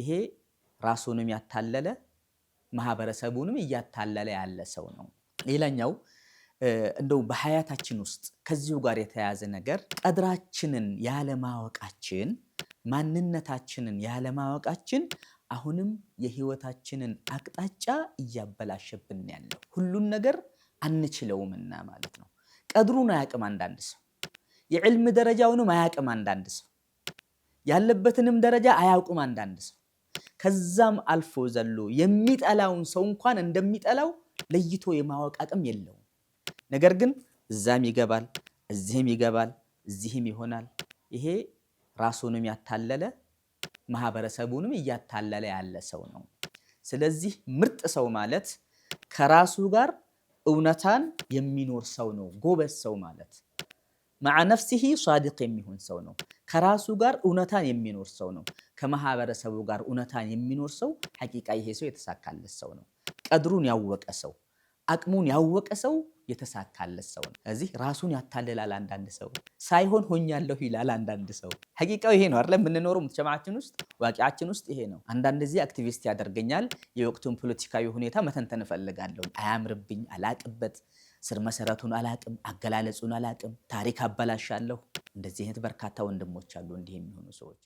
ይሄ ራሱንም ያታለለ ማህበረሰቡንም እያታለለ ያለ ሰው ነው። ሌላኛው እንደው በሀያታችን ውስጥ ከዚሁ ጋር የተያያዘ ነገር ቀድራችንን ያለማወቃችን፣ ማንነታችንን ያለማወቃችን አሁንም የህይወታችንን አቅጣጫ እያበላሸብን ያለው ሁሉን ነገር አንችለውምና ማለት ነው። ቀድሩን አያቅም አንዳንድ ሰው፣ የዕልም ደረጃውንም አያቅም አንዳንድ ሰው፣ ያለበትንም ደረጃ አያውቁም አንዳንድ ሰው ከዛም አልፎ ዘሎ የሚጠላውን ሰው እንኳን እንደሚጠላው ለይቶ የማወቅ አቅም የለውም። ነገር ግን እዛም ይገባል፣ እዚህም ይገባል፣ እዚህም ይሆናል። ይሄ ራሱንም ያታለለ ማህበረሰቡንም እያታለለ ያለ ሰው ነው። ስለዚህ ምርጥ ሰው ማለት ከራሱ ጋር እውነታን የሚኖር ሰው ነው። ጎበዝ ሰው ማለት መዓ ነፍሲሂ ሷዲቅ የሚሆን ሰው ነው። ከራሱ ጋር እውነታን የሚኖር ሰው ነው። ከማህበረሰቡ ጋር እውነታን የሚኖር ሰው ሐቂቃ ይሄ ሰው የተሳካለት ሰው ነው። ቀድሩን ያወቀ ሰው፣ አቅሙን ያወቀ ሰው የተሳካለት ሰው ነው። እዚህ ራሱን ያታልላል። አንዳንድ ሰው ሳይሆን ሆኛለሁ ይላል። አንዳንድ ሰው ሐቂቃው ይሄ ነው አይደል? የምንኖረው ሙተጀማችን ውስጥ ዋቂያችን ውስጥ ይሄ ነው። አንዳንድ ጊዜ አክቲቪስት ያደርገኛል። የወቅቱን ፖለቲካዊ ሁኔታ መተንተን እፈልጋለሁ። አያምርብኝ፣ አላቅበት ስር መሰረቱን አላቅም፣ አገላለጹን አላቅም፣ ታሪክ አበላሻለሁ። እንደዚህ አይነት በርካታ ወንድሞች አሉ እንዲህ የሚሆኑ ሰዎች።